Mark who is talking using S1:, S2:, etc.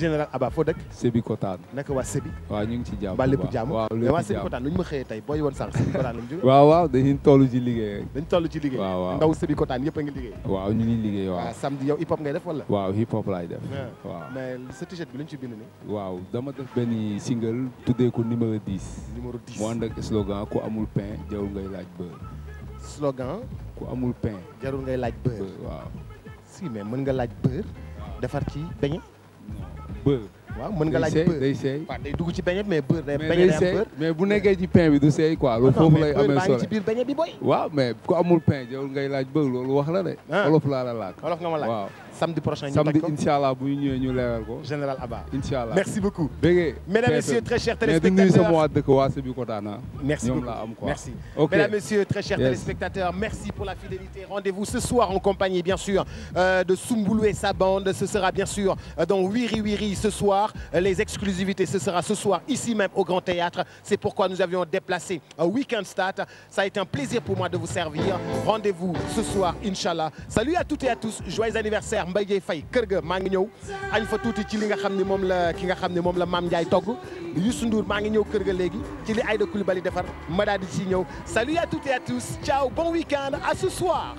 S1: général Abba foo dëkk. Sébi Kotaan. naka waa Sébi. waaw ñu ngi ci jàmm bu baax lépp jàmm waaw lépp jàmm waa Sébi Kotaan
S2: lu ñu xëyee tey booy woon sànq Sébi Kotaan la
S1: waaw waaw dañuy toll ci liggéey rek. dañu toll ci liggéey. waaw waaw ndaw
S2: Sébi Kotaan yëpp a ngi liggéey.
S1: waaw ñu ngi liggéey waaw.
S2: Ah, hip hop ngay def wala. waaw
S1: hip hop laay def. Ah.
S2: sa t-shirt bi lu ci bind nii.
S1: waaw dama def benn single tuddee ko numéro 10. numéro 10 mu ànd ak slogan ku amul pain jarul ngay laaj beurre. slogan. ku amul pain.
S2: jarul ngay laaj beurre. waaw si mais mën nga laaj defar ci beurre. waaw mën nga laaj beurre day seey
S1: waaw day dugg ci beñe mais beurre day beñe day am beurre bu nekkee ci pain bi du seey quoi loolu foofu lay amee solo ci biir beñe bi boy waaw mais ngay laaj beurre loolu wax la de. Ah. wolof laa la laaj wolof nga waaw samedi prochain ñu samedi incha allah bu ñu ñëwee ñu leeral ko. mesdames messieurs messieurs
S2: très chers téléspectateurs merci pour la fidélité rendez-vous ce soir en compagnie bien sûr euh, de Soumboulou sa bande ce sera bien sûr euh, dans Wiri Wiri ce soir euh, les exclusivités ce sera ce soir ici même au Grand Théâtre c'est pourquoi nous avions déplacé Weekend Start ça a été un plaisir pour moi de vous servir rendez-vous ce soir incha allah à toutes et à tous joyeux anniversaire. Mbaye Dieye fay kër ga maa ngi ñëw añ fa tuuti ci li nga xam ne moom la ki nga xam ne moom la maam Ndiaye togg Youssou Ndour maa ngi ñëw kër ga léegi ci ay Aïda bali defar ma daal ci ñëw salut à toutes et à tous ciao bon week-end à ce soir